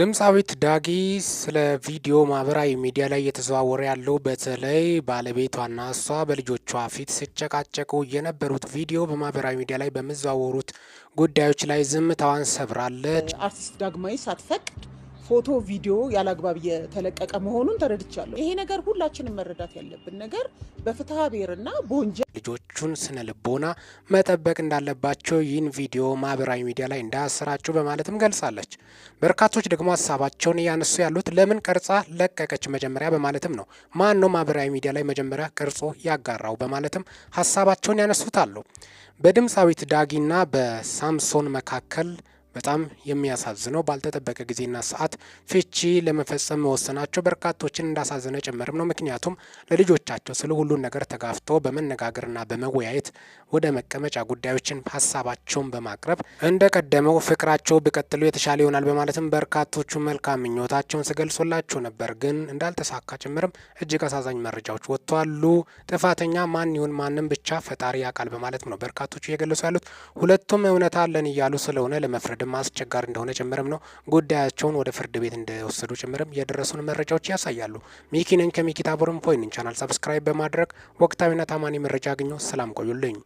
ድምፃዊት ዳጊ ስለ ቪዲዮ ማህበራዊ ሚዲያ ላይ እየተዘዋወረ ያለው በተለይ ባለቤቷና እሷ በልጆቿ ፊት ሲጨቃጨቁ የነበሩት ቪዲዮ በማህበራዊ ሚዲያ ላይ በሚዘዋወሩት ጉዳዮች ላይ ዝምታዋን ሰብራለች። አርቲስት ዳግማዊ ሳትፈቅድ ፎቶ፣ ቪዲዮ ያለአግባብ እየተለቀቀ መሆኑን ተረድቻለሁ። ይሄ ነገር ሁላችንም መረዳት ያለብን ነገር በፍትሐ ብሔርና በወንጀል ልጆቹን ስነ ልቦና መጠበቅ እንዳለባቸው ይህን ቪዲዮ ማህበራዊ ሚዲያ ላይ እንዳያሰራጩ በማለትም ገልጻለች። በርካቶች ደግሞ ሀሳባቸውን እያነሱ ያሉት ለምን ቀርጻ ለቀቀች መጀመሪያ በማለትም ነው። ማን ነው ማህበራዊ ሚዲያ ላይ መጀመሪያ ቀርጾ ያጋራው በማለትም ሀሳባቸውን ያነሱታሉ። በድምፃዊት ዳጊና በሳምሶን መካከል በጣም የሚያሳዝነው ባልተጠበቀ ጊዜና ሰዓት ፍቺ ለመፈጸም መወሰናቸው በርካቶችን እንዳሳዘነ ጭምርም ነው። ምክንያቱም ለልጆቻቸው ስለ ሁሉን ነገር ተጋፍቶ በመነጋገርና በመወያየት ወደ መቀመጫ ጉዳዮችን ሀሳባቸውን በማቅረብ እንደ ቀደመው ፍቅራቸው ቢቀጥሉ የተሻለ ይሆናል በማለትም በርካቶቹ መልካም ምኞታቸውን ሲገልጹላቸው ነበር። ግን እንዳልተሳካ ጭምርም እጅግ አሳዛኝ መረጃዎች ወጥተዋሉ። ጥፋተኛ ማን ይሁን ማንም ብቻ ፈጣሪ ያውቃል በማለትም ነው በርካቶቹ እየገለጹ ያሉት። ሁለቱም እውነት አለን እያሉ ስለሆነ ለመፍረድ ለመውሰድም አስቸጋሪ እንደሆነ ጭምርም ነው ጉዳያቸውን ወደ ፍርድ ቤት እንደወሰዱ ጭምርም የደረሱን መረጃዎች ያሳያሉ። ሚኪነኝ ከሚኪታቦርም ፖይንን ቻናል ሰብስክራይብ በማድረግ ወቅታዊና ታማኒ መረጃ አግኘው። ሰላም ቆዩልኝ።